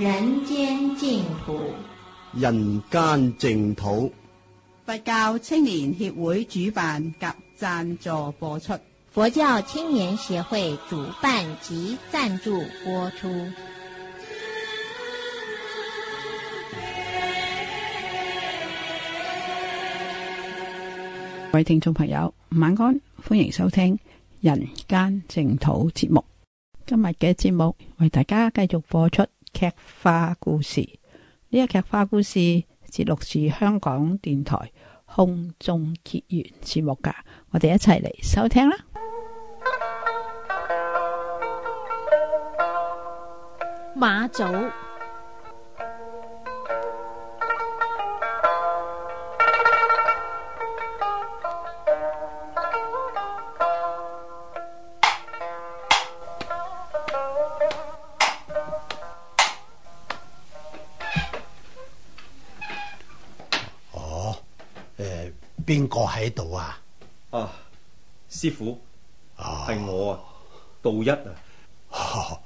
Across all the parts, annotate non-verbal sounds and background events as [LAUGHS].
人間淨土，人間淨土。佛教青年協會主辦及贊助播出。佛教青年協會主辦及贊助播出。各位聽眾朋友，晚安，歡迎收聽《人間淨土》節目。今日嘅節目為大家繼續播出。劇花故事。呢個劇花故事節錄自香港電台空中結緣節目噶，我哋一齊嚟收聽啦。馬祖。邊個喺度啊？啊，師父，係、哦、我啊，道一啊、哦，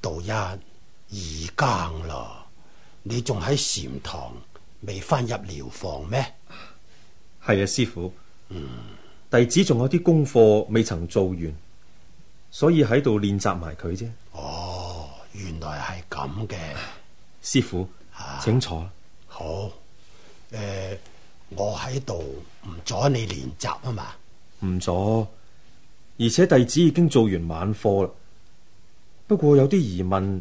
道一，二更啦，你仲喺禪堂未翻入療房咩？係啊，師父，嗯，弟子仲有啲功課未曾做完，所以喺度練習埋佢啫。哦，原來係咁嘅，師父，啊、請坐。好，誒、呃。我喺度唔阻你練習啊嘛，唔阻，而且弟子已經做完晚課啦。不過有啲疑問，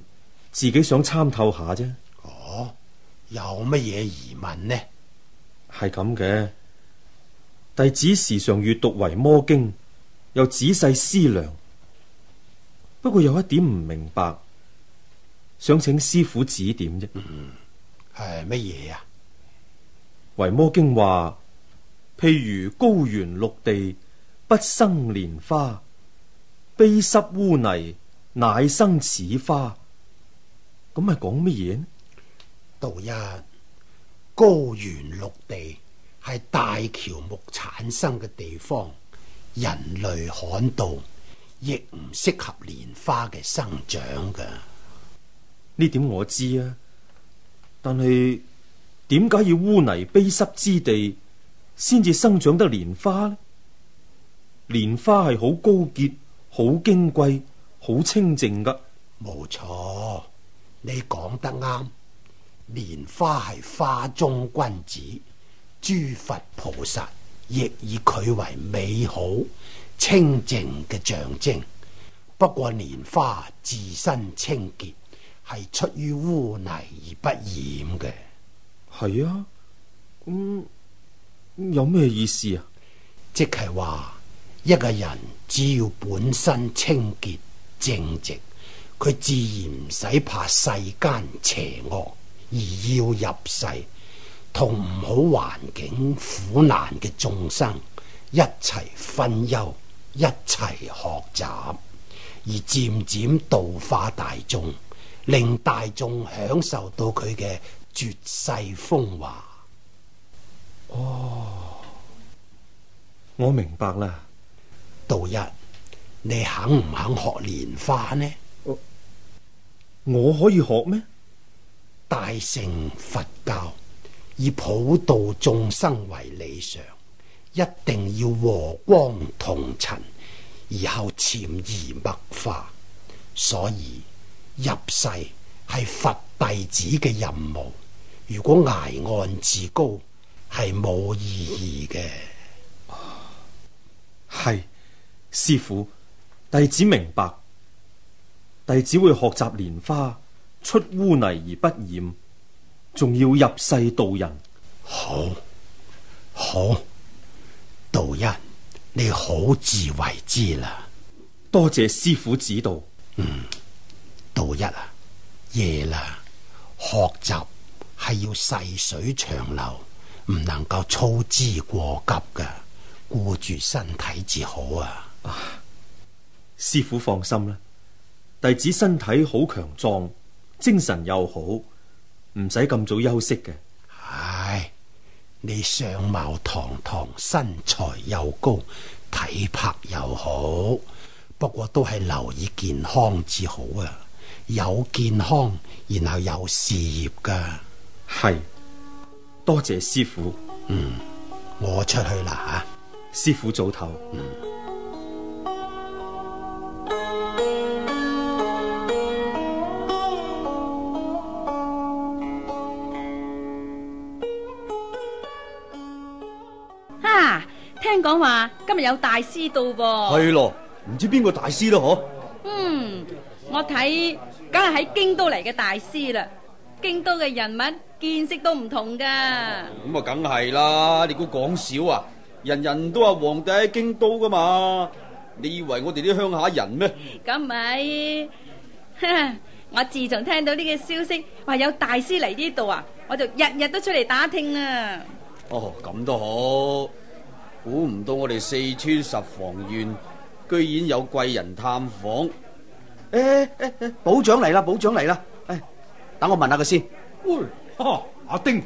自己想參透下啫。哦，有乜嘢疑問呢？係咁嘅，弟子時常閱讀《維摩經》，又仔細思量。不過有一點唔明白，想請師父指點啫。嗯，係乜嘢啊？維摩經話：譬如高原陸地不生蓮花，卑濕污泥乃生此花。咁係講乜嘢？道一，高原陸地係大喬木產生嘅地方，人類罕道，亦唔適合蓮花嘅生長嘅。呢點我知啊，但係。點解要污泥卑濕之地先至生長得蓮花呢？蓮花係好高潔、好矜貴、好清淨噶。冇錯，你講得啱。蓮花係花中君子，諸佛菩薩亦以佢為美好、清淨嘅象徵。不過，蓮花自身清潔係出於污泥而不染嘅。係啊，咁有咩意思啊？即係話一個人只要本身清潔正直，佢自然唔使怕世間邪惡，而要入世同唔好環境苦難嘅眾生一齊分憂，一齊學習，而漸漸度化大眾，令大眾享受到佢嘅。絕世風華哦！我明白啦，道一，你肯唔肯學蓮花呢？我，我可以學咩？大乘佛教以普度眾生為理想，一定要和光同塵，而後潛移默化。所以入世係佛弟子嘅任務。如果崖岸自高係冇意義嘅。係，師父，弟子明白，弟子會學習蓮花出污泥而不染，仲要入世度人。好，好，道一，你好自為之啦。多謝師父指導。嗯，道一啊，夜啦，學習。係要細水長流，唔能夠操之過急嘅，顧住身體至好啊。啊，師父放心啦，弟子身體好強壯，精神又好，唔使咁早休息嘅。唉、哎，你相貌堂堂，身材又高，體魄又好，不過都係留意健康至好啊。有健康，然後有事業噶。係，多謝師傅。嗯。嗯，我出去啦吓。師父早唞。啊，聽講話今日有大師到噃，啊。係咯，唔知邊個大師咯嗬。嗯，我睇梗係喺京都嚟嘅大師啦。京都嘅人物。見識都唔同噶，咁啊梗係啦！你估講少啊？人人都話皇帝喺京都噶嘛？你以為我哋啲鄉下人咩？咁咪，我自從聽到呢個消息，話有大師嚟呢度啊，我就日日都出嚟打聽啊。哦，咁都好，估唔到我哋四川十房縣居然有貴人探訪。誒誒誒，保長嚟啦，保長嚟啦！誒，等我問下佢先。哦，阿丁，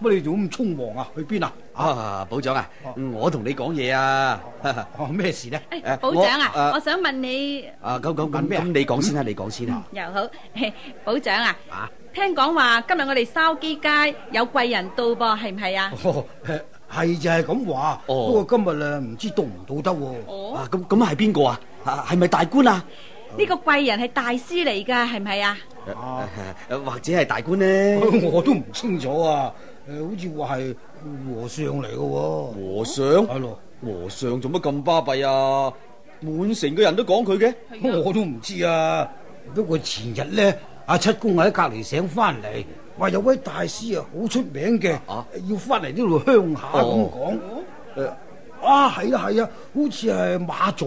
乜你做咁匆忙啊？去邊啊？啊，保長啊，我同你講嘢啊。哦，咩事呢？誒，保長啊，誒，我想問你。啊，咁咁咁咩？咁你講先啦，你講先啦。又好，保長啊，啊，聽講話今日我哋筲箕街有貴人到噃，係唔係啊？係就係咁話。哦，不過今日咧唔知到唔到得。哦，啊，咁咁係邊個啊？啊，係咪大官啊？呢個貴人係大師嚟㗎，係唔係啊？啊啊、或者係大官呢？ [LAUGHS] 我都唔清楚啊！誒，好似話係和尚嚟嘅喎。和尚係咯，啊、和尚做乜咁巴閉啊？滿城嘅人都講佢嘅，的我都唔知啊。不過前日咧，阿七公喺隔籬醒翻嚟，話有位大師啊，好出名嘅，要翻嚟呢度鄉下咁講。啊啊，係啊，係啊，好似係馬祖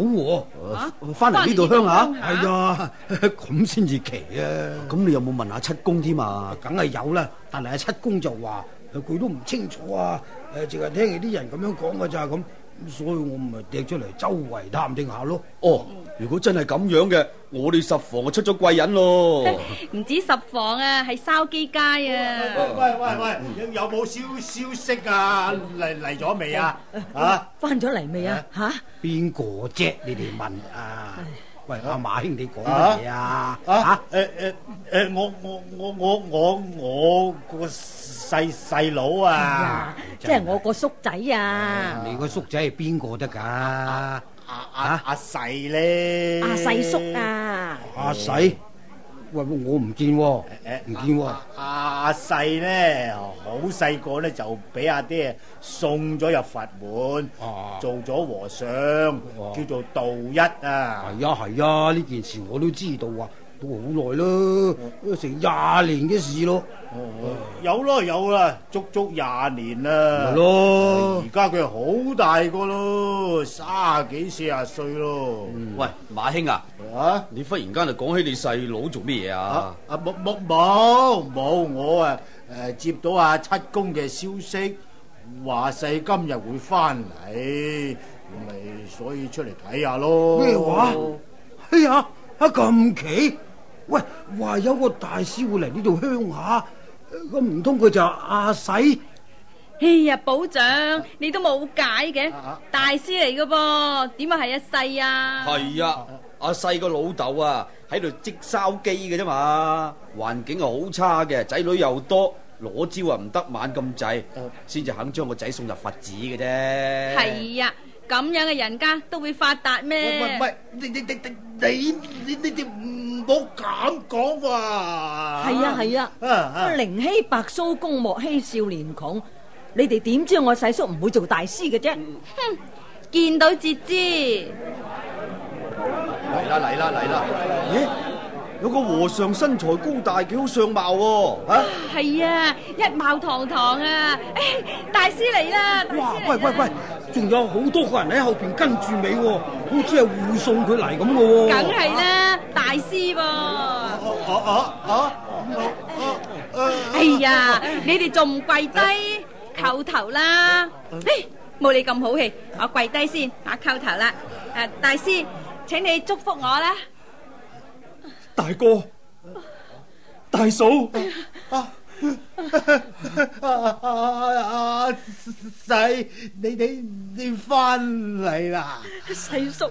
喎，翻嚟呢度鄉下，係啊，咁先至奇啊！咁你有冇問下七公添啊？梗係有啦，但係阿七公就話佢、啊、都唔清楚啊，誒、啊，淨係聽啲人咁樣講噶咋咁。啊啊所以我咪趯出嚟周圍探聽下咯。哦，如果真係咁樣嘅，我哋十房就出咗貴人咯。唔 [LAUGHS] [LAUGHS] 止十房啊，係筲箕街啊。喂喂喂，喂，有有冇消消息啊？嚟嚟咗未啊？吓，翻咗嚟未啊？吓，邊個啫？你哋問啊？喂，阿、啊、馬兄你講乜嘢啊？吓，誒誒誒，我我我我我我個細細佬啊，即係我個叔仔啊。啊你個叔仔係邊個得噶？阿阿阿細咧？阿細叔啊？阿細，啊。啊喂，我唔見，唔、欸欸、見、啊啊、阿細咧，好細個咧就俾阿爹送咗入佛門，啊、做咗和尚，啊、叫做道一啊。係啊，係啊，呢件事我都知道啊。都好耐咯，都成廿年嘅事咯。有咯，有啦，足足廿年啦。係咯，而家佢好大個咯，卅幾四十歲咯。喂，馬兄啊，啊，你忽然間就講起你細佬做咩嘢啊？啊，冇冇冇冇，我啊誒接到阿七公嘅消息，話細今日會翻嚟，咪所以出嚟睇下咯。咩話？哎呀，啊咁奇！喂，話有個大師會嚟呢度鄉下，咁唔通佢就阿細？哎呀，保長，你都冇解嘅，大師嚟嘅噃，點解係阿細啊？係啊，阿細個老豆啊喺度織燒機嘅啫嘛，環境啊好差嘅，仔女又多，攞招啊唔得晚咁滯，先至肯將個仔送入佛寺嘅啫。係啊，咁樣嘅人家都會發達咩？喂喂喂，你你你你你呢啲唔～冇咁講話。係啊係啊，靈希白蘇公莫欺少年窮，你哋點知我細叔唔會做大師嘅啫？哼， [NOISE] 見到截肢。嚟啦嚟啦嚟啦！咦？ [NOISE] [NOISE] 有個和尚身材高大，幾好相貌，啊、吓、啊、係、哦、啊，一貌堂堂啊！哎，大師嚟啦！哇，喂喂喂，仲有好多個人喺後邊跟住尾，啊，好似係護送佢嚟咁嘅，梗係啦，啊、大師噃、啊啊！啊啊啊！啊啊啊啊哎呀，你哋仲唔跪低、啊、叩頭啦？啊啊、哎，冇你咁好氣，我跪低先，我叩頭啦！誒、啊，大師，請你祝福我啦。大哥，大嫂，阿阿阿細，你你你翻嚟啦！細叔，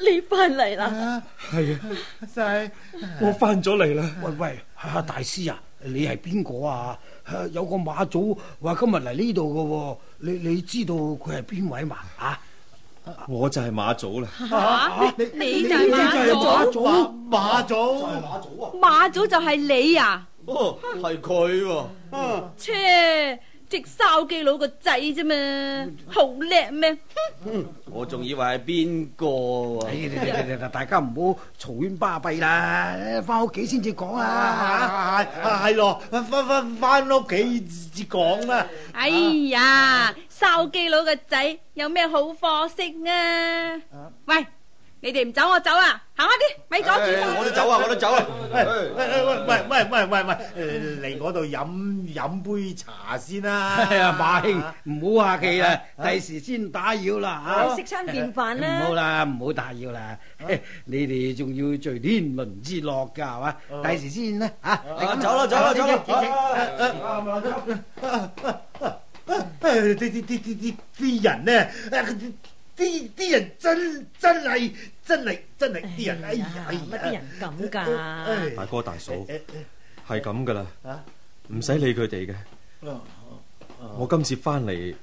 你翻嚟啦！係啊，阿細，我翻咗嚟啦！喂喂，大師啊，你係邊個啊？有個馬祖話今日嚟呢度噶，你你知道佢係邊位嘛？啊我就係馬祖啦，吓，你就係馬祖？馬祖馬祖啊，馬祖，馬祖就係你啊。哦係佢，切。隻燒雞佬個仔啫嘛，好叻咩？我仲以為係邊個？大家唔好嘈喧巴閉啦，翻屋企先至講啊！係咯，翻翻翻屋企先講啦。哎呀，燒雞佬個仔有咩好貨色啊？喂！你哋唔走我走啊！行開啲，咪阻住我都走啊！我都走啊！喂喂喂喂喂喂，嚟我度飲飲杯茶先啦，馬兄唔好客氣啦，第時先打擾啦吓，食餐便飯啦，好啦，唔好打擾啦，你哋仲要聚天倫之樂噶係嘛？第時先啦吓，走啦走啦走啲啲啲啲人呢？啲啲人真真係真係真係啲人，哎呀乜啲人咁噶？大哥大嫂，係咁噶啦，唔使理佢哋嘅。我今次翻嚟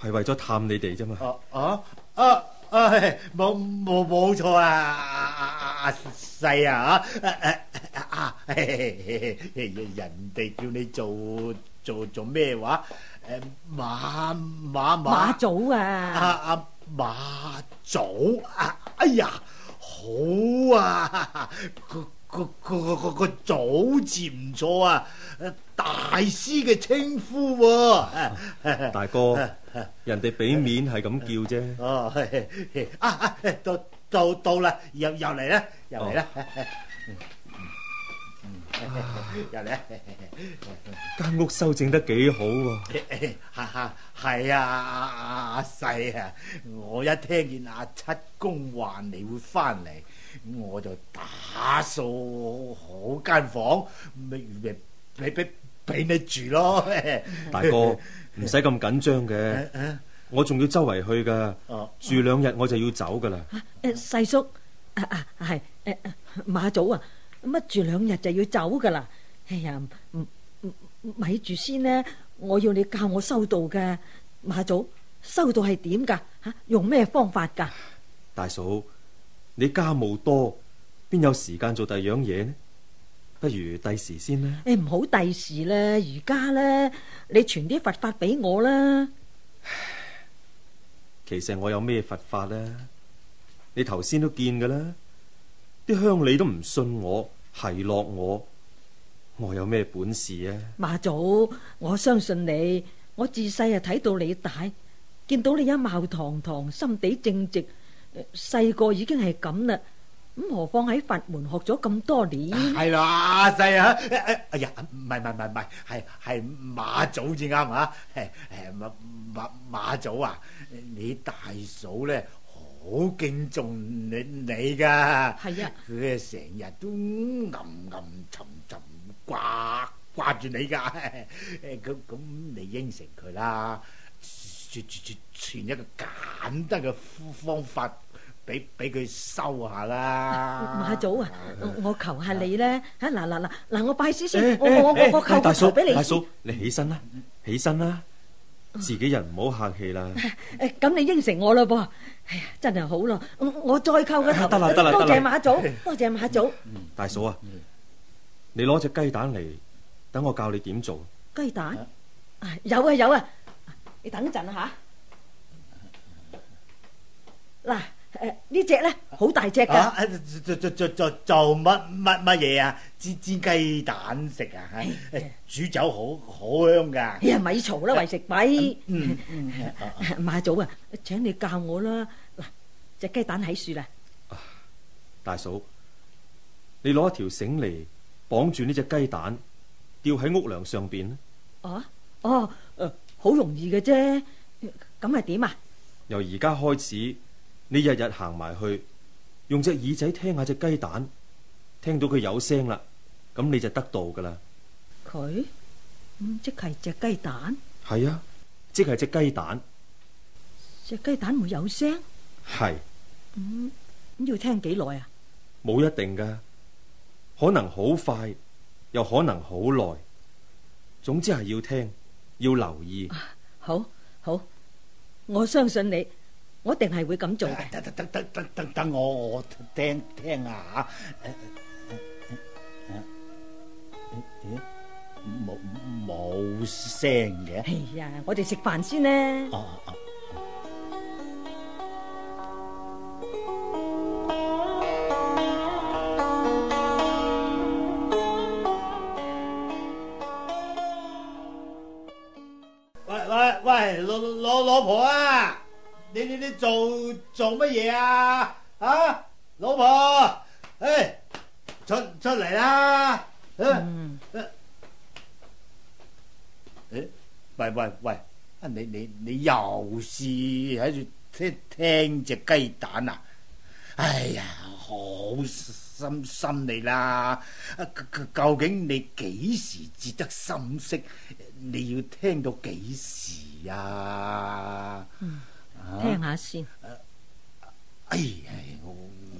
係為咗探你哋啫嘛。啊啊啊！冇冇冇錯啊！阿阿阿阿細啊！啊啊啊！人哋叫你做做做咩話？誒馬馬馬祖啊！啊啊！馬祖啊！哎呀，好啊！個個個個個祖字唔錯啊！大師嘅稱呼，大哥，啊、人哋俾面係咁、啊、叫啫。哦、啊，到到到啦，又又嚟啦，又嚟啦。啊入嚟，間屋修整得幾好喎！係啊，阿阿細啊，我一聽見阿七公話你會翻嚟，我就打掃好間房，咪預備俾俾俾你住咯。大哥，唔使咁緊張嘅，我仲要周圍去噶，住兩日我就要走噶啦。誒，細叔，啊啊，係，誒，馬祖啊。乜住兩日就要走噶啦？哎呀，咪住先咧！我要你教我修道噶，馬祖修道係點噶？吓、啊，用咩方法噶？大嫂，你家務多，邊有時間做第二樣嘢呢？不如第時先啦。誒、欸，唔好第時啦，而家咧，你傳啲佛法俾我啦。其實我有咩佛法呢？你頭先都見噶啦，啲鄉里都唔信我。係落我，我有咩本事啊？馬祖，我相信你，我自細啊睇到你大，見到你一貌堂堂，心地正直，細個已經係咁啦。咁何況喺佛門學咗咁多年？係啦，細啊！哎呀，唔係唔係唔係，係係馬祖至啱啊！誒誒，馬馬馬祖啊，你大嫂咧？好敬重你你噶，係啊，佢係成日都暗暗沉沉掛掛住你噶，誒咁咁你應承佢啦，傳一個簡單嘅方法俾俾佢收下啦。馬祖啊，我求下你咧，啊嗱嗱嗱嗱，我拜師先，我我我我求大嫂俾你。大嫂，你起身啦，起身啦，自己人唔好客氣啦。誒咁你應承我啦噃。哎呀，真係好咯！我再扣個頭，得啦得啦，啦多謝馬祖，哎、呀多謝馬祖。嗯嗯嗯、大嫂啊，嗯嗯、你攞隻雞蛋嚟，等我教你點做。雞蛋？啊有啊有啊，你等陣啊吓。嗱。誒，呢隻咧好大隻噶，做做做做做乜乜乜嘢啊？煎煎雞蛋食啊，誒，煮酒好好香噶。呀，咪嘈啦，為食米。嗯嗯，馬祖啊，請你教我啦。嗱，隻雞蛋喺樹啦。大嫂，你攞一條繩嚟綁住呢隻雞蛋，吊喺屋梁上邊。啊哦，好容易嘅啫。咁係點啊？由而家開始，你日日行埋去，用隻耳仔聽下隻雞蛋，聽到佢有聲啦，咁你就得道噶啦。佢？即係隻雞蛋？係啊，即係隻雞蛋。隻雞蛋會有聲？係是。嗯，咁要聽幾耐啊？冇一定噶，可能好快，又可能好耐。總之係要聽，要留意。啊，好，好，我相信你。我定係會咁做嘅。等等等等等等，我我聽聽啊吓。誒誒誒誒誒，冇冇聲嘅。係啊，我哋食飯先啦。哦哦哦。喂喂喂，老老老婆啊！你你你做做乜嘢啊？啊，老婆，誒、欸，出出嚟啦！誒，喂喂喂，啊，嗯欸、你你你又試喺度聽聽隻雞蛋啊？哎呀，好心心你啦！啊，究竟你幾時至得心息？你要聽到幾時啊？嗯啊、聽下先、啊。哎呀，我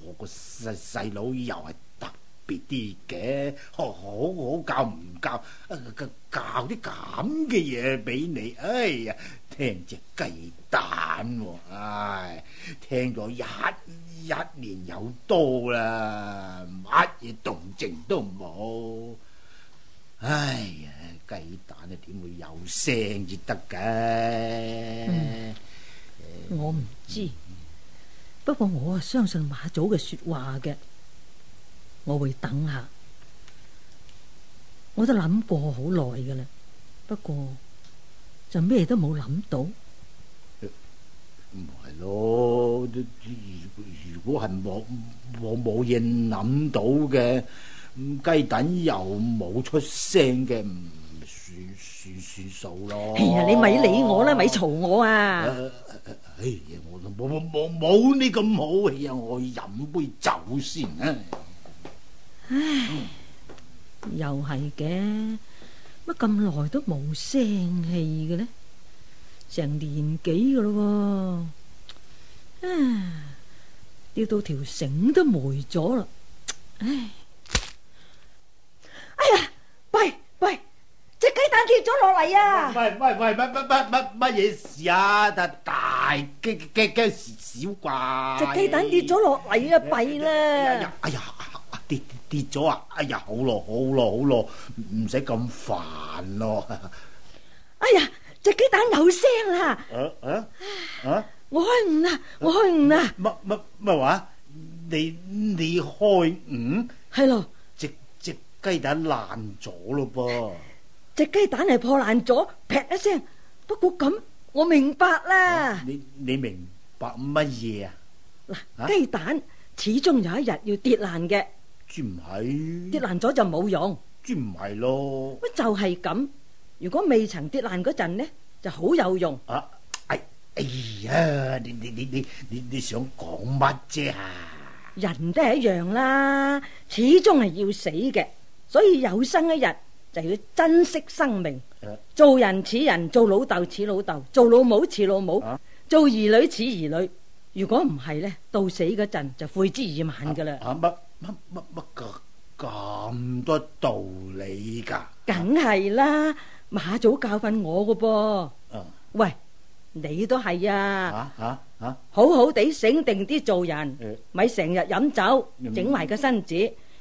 我個細細佬又係特別啲嘅，好好教唔教、啊、教，教啲咁嘅嘢俾你，哎呀，聽隻雞蛋、啊，哎，聽咗一一年有多啦，乜嘢動靜都冇。哎呀，雞蛋啊，點會有聲至得嘅？嗯我唔知，不過我啊相信馬祖嘅說話嘅，我會等下。我都諗過好耐噶啦，不過就咩都冇諗到。唔係、啊、咯，如果係冇冇冇嘢諗到嘅，咁雞蛋又冇出聲嘅，唔算算算數咯。哎呀，你咪理我啦，咪嘈、啊、我啊！啊啊哎呀，我都冇冇冇冇呢咁好氣啊！我去飲杯酒先啦。唉，又係嘅，乜咁耐都冇聲氣嘅呢？成年幾嘅咯喎，啊，吊到條繩都霉咗啦！唉，哎呀，喂喂！隻雞蛋跌咗落嚟啊！喂，係唔係乜乜乜乜乜嘢事啊？大驚驚驚事少啩？隻雞蛋跌咗落嚟啊！弊啦！哎呀，跌跌咗啊！嗯、哎呀，好咯好咯好咯，唔使咁煩咯！哎呀，隻雞蛋有聲啦！啊、uh, uh, uh? 我開悟啦，我開悟啦、mm, 喏！乜乜乜話？你你開悟？係咯，隻隻雞蛋爛咗咯噃。隻雞蛋係破爛咗，劈一聲。不過咁，我明白啦。啊，你你明白乜嘢啊嗱，雞蛋始終有一日要跌爛嘅。唔係跌爛咗就冇用。唔係咯。喂，就係咁。如果未曾跌爛嗰陣呢，就好有用。啊哎！哎呀！你你你你你你想講乜啫啊？人都係一樣啦，始終係要死嘅，所以有生一日，就要珍惜生命，啊、做人似人，做老豆似老豆，做老母似老母，啊、做兒女似兒女。如果唔係呢到死嗰陣就悔之已晚噶啦乜乜乜乜咁多道理噶？梗係啦，啊、馬祖教訓我噶噃啊、喂，你都係啊？吓、啊啊、好好地醒定啲做人，咪成、啊嗯、日飲酒，整埋個身子。嗯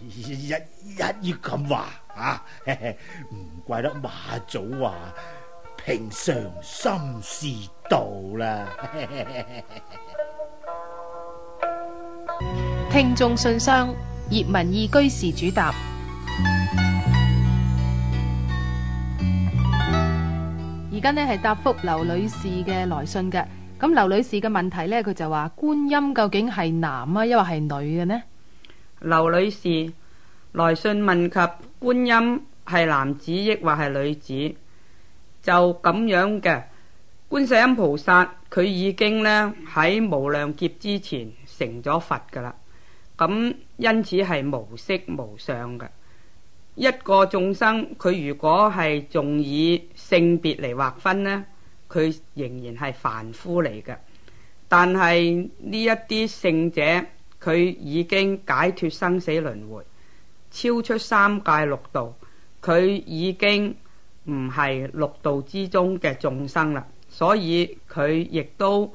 一一要咁話啊，唔怪得馬祖話平常心是道啦。聽眾信箱，葉文義居士主答。而家呢係答覆劉女士嘅來信嘅。咁劉女士嘅問題呢，佢就話觀音究竟係男啊，抑或係女嘅呢？劉女士來信問及觀音係男子亦或係女子，就咁樣嘅觀世音菩薩，佢已經呢喺無量劫之前成咗佛㗎喇，咁因此係無色無相嘅一個眾生。佢如果係仲以性別嚟劃分呢，佢仍然係凡夫嚟嘅。但係呢一啲聖者。佢已經解脫生死輪迴，超出三界六道。佢已經唔係六道之中嘅眾生啦，所以佢亦都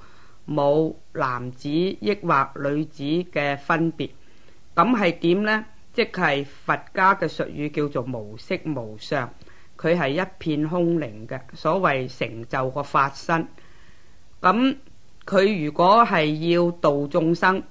冇男子抑或女子嘅分別。咁係點呢？即係佛家嘅術語叫做無色無相，佢係一片空靈嘅。所謂成就個法身，咁佢如果係要度眾生。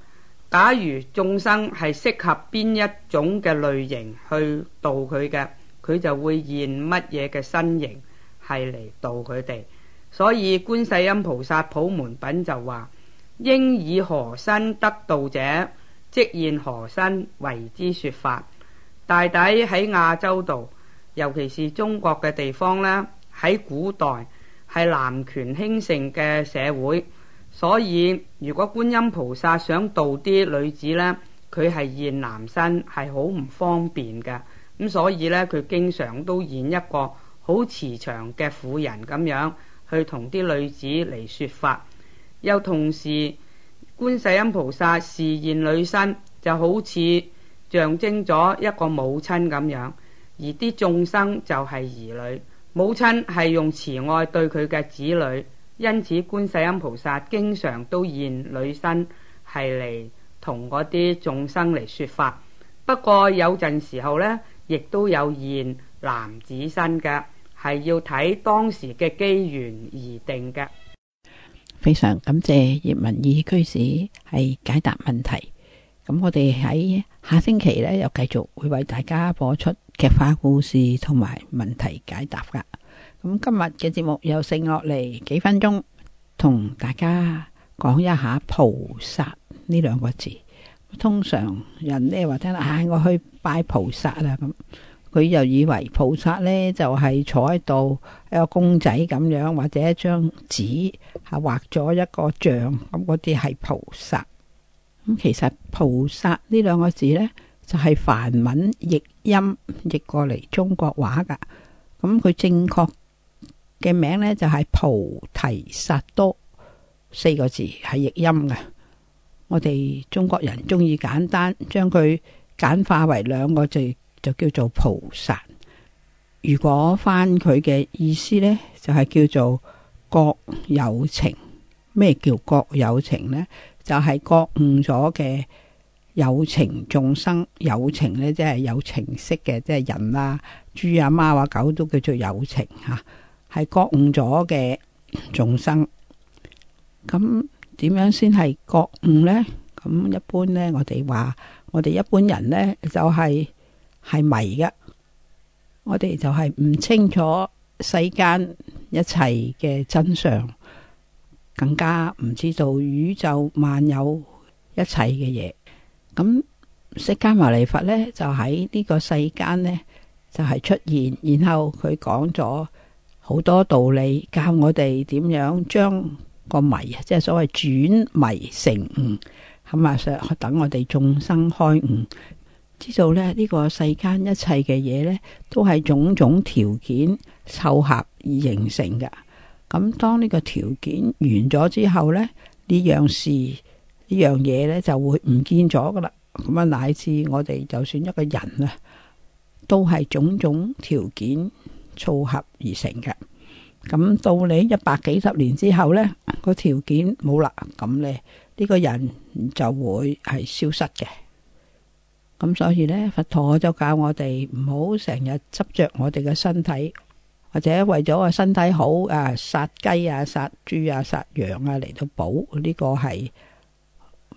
假如眾生係適合邊一種嘅類型去度佢嘅，佢就會現乜嘢嘅身形係嚟度佢哋。所以觀世音菩薩普門品就話：應以何身得度者，即現何身為之說法。大抵喺亞洲度，尤其是中國嘅地方呢，喺古代係男權興盛嘅社會。所以，如果觀音菩薩想度啲女子呢，佢係現男身，係好唔方便嘅。咁所以呢，佢經常都演一個好慈祥嘅婦人咁樣，去同啲女子嚟説法。又同時，觀世音菩薩是現女身，就好似象徵咗一個母親咁樣，而啲眾生就係兒女，母親係用慈愛對佢嘅子女。因此，觀世音菩薩經常都現女身係嚟，同嗰啲眾生嚟說法。不過有陣時候呢，亦都有現男子身嘅，係要睇當時嘅機緣而定嘅。非常感謝葉文義居士係解答問題。咁我哋喺下星期呢，又繼續會為大家播出劇化故事同埋問題解答噶。咁今日嘅節目又剩落嚟幾分鐘，同大家講一下菩薩呢兩個字。通常人呢話聽啦，啊、哎、我去拜菩薩啦咁，佢又以為菩薩呢就係坐喺度一個公仔咁樣，或者一張紙係畫咗一個像咁，嗰啲係菩薩。咁其實菩薩呢兩個字呢，就係、是、梵文譯音譯過嚟中國話噶，咁佢正確。嘅名咧，就係菩提薩埵四個字係譯音嘅。我哋中國人鍾意簡單，將佢簡化為兩個字，就叫做菩薩。如果翻佢嘅意思呢，就係、是、叫做覺有情。咩叫覺有情呢？就係、是、覺悟咗嘅有情，眾生有情呢，即係有情式嘅，即係人啊、豬啊、貓啊、狗都叫做有情吓。係覺悟咗嘅眾生，咁點樣先係覺悟呢？咁一般呢，我哋話我哋一般人呢，就係係迷嘅，我哋就係唔清楚世間一切嘅真相，更加唔知道宇宙萬有一切嘅嘢。咁釋迦牟尼佛呢，就喺呢個世間呢，就係出現，然後佢講咗。好多道理教我哋點樣將個迷啊，即係所謂轉迷成悟，咁啊，等我哋眾生開悟，知道呢，呢個世間一切嘅嘢呢，都係種種條件湊合而形成嘅。咁當呢個條件完咗之後呢，呢樣事呢樣嘢呢，就會唔見咗噶啦。咁啊，乃至我哋就算一個人啊，都係種種條件。湊合而成嘅。咁到你一百幾十年之後咧，個條件冇啦，咁咧呢個人就會係消失嘅。咁所以咧，佛陀就教我哋唔好成日執著我哋嘅身體，或者為咗個身體好，誒殺雞啊、殺豬啊、殺羊啊嚟到補。呢個係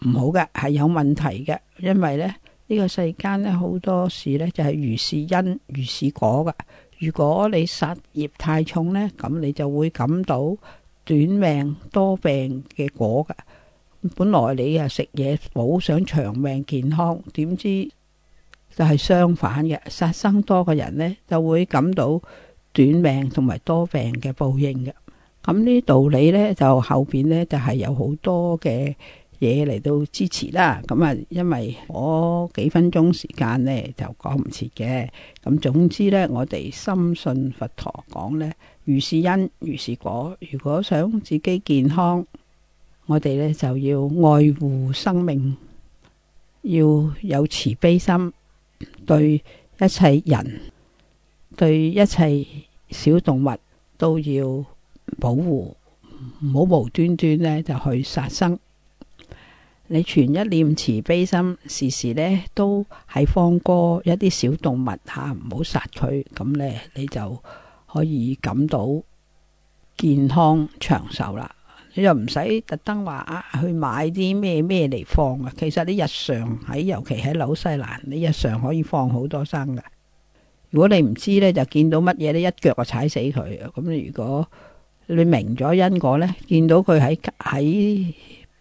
唔好嘅，係有問題嘅，因為咧呢個世間咧好多事咧就係如是因如是果㗎。如果你殺業太重呢，咁你就會感到短命多病嘅果噶。本來你呀食嘢冇想長命健康，點知就係相反嘅。殺生多嘅人呢，就會感到短命同埋多病嘅報應嘅。咁呢道理呢，就後邊呢，就係有好多嘅。嘢嚟到支持啦，咁啊，因為我幾分鐘時間咧就講唔切嘅。咁總之咧，我哋深信佛陀講咧，如是因如是果。如果想自己健康，我哋咧就要愛護生命，要有慈悲心，對一切人、對一切小動物都要保護，唔好無端端咧就去殺生。你全一念慈悲心，時時咧都係放歌一啲小動物吓，唔好殺佢，咁咧你就可以感到健康長壽啦。你又唔使特登話啊去買啲咩咩嚟放啊。其實你日常喺尤其喺紐西蘭，你日常可以放好多生噶。如果你唔知咧，就見到乜嘢咧，一腳就踩死佢。咁如果你明咗因果咧，見到佢喺喺。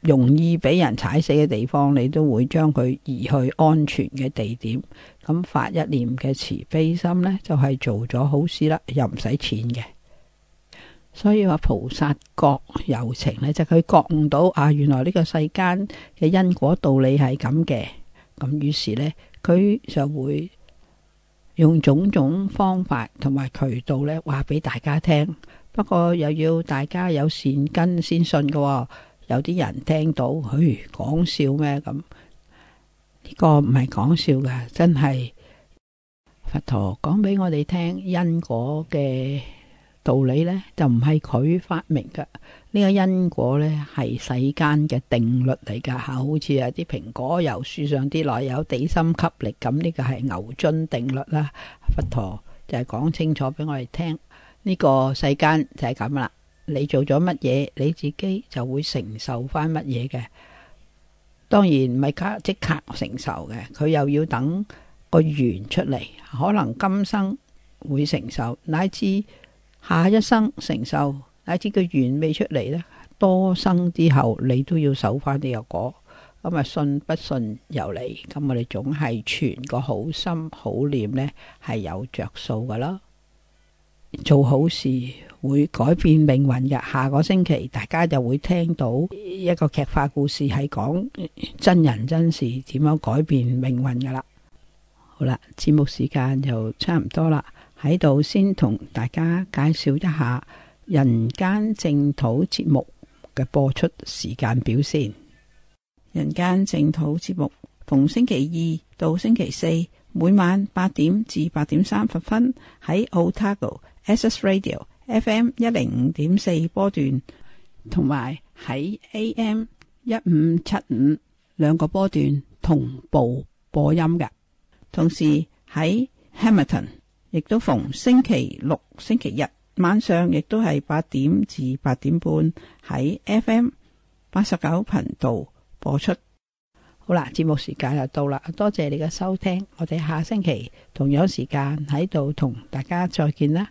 容易俾人踩死嘅地方，你都會將佢移去安全嘅地點。咁發一念嘅慈悲心呢，就係、是、做咗好事啦，又唔使錢嘅。所以話菩薩覺有情呢，就佢、是、覺悟到啊，原來呢個世間嘅因果道理係咁嘅。咁於是呢，佢就會用種種方法同埋渠道呢，話俾大家聽。不過又要大家有善根先信嘅、哦。有啲人聽到，佢講笑咩咁？呢個唔係講笑噶，真係。佛陀講俾我哋聽因果嘅道理呢，就唔係佢發明噶。呢個因果呢係世間嘅定律嚟噶嚇，好似啊啲蘋果由樹上跌落有地心吸力咁，呢個係牛津定律啦。佛陀就係講清楚俾我哋聽，呢個世間就係咁啦。你做咗乜嘢，你自己就會承受翻乜嘢嘅。當然唔係即刻承受嘅，佢又要等個緣出嚟。可能今生會承受，乃至下一生承受，乃至個緣未出嚟咧，多生之後你都要守翻呢個果。咁啊，信不信由你。咁我哋總係存個好心好念呢，係有着數噶啦。做好事會改變命運嘅。下個星期大家就會聽到一個劇化故事，係講真人真事點樣改變命運噶啦。好啦，節目時間就差唔多啦。喺度先同大家介紹一下《人間正土》節目嘅播出時間表先。《人間淨土》節目逢星期二到星期四，每晚八點至八點三十分喺 Otago。S S Radio F M 一零五點四波段，同埋喺 A M 一五七五兩個波段同步播音嘅。同時喺 Hamilton 亦都逢星期六、星期日晚上上，亦都係八點至八點半喺 F M 八十九頻道播出。好啦，節目時間就到啦，多謝你嘅收聽，我哋下星期同樣時間喺度同大家再見啦。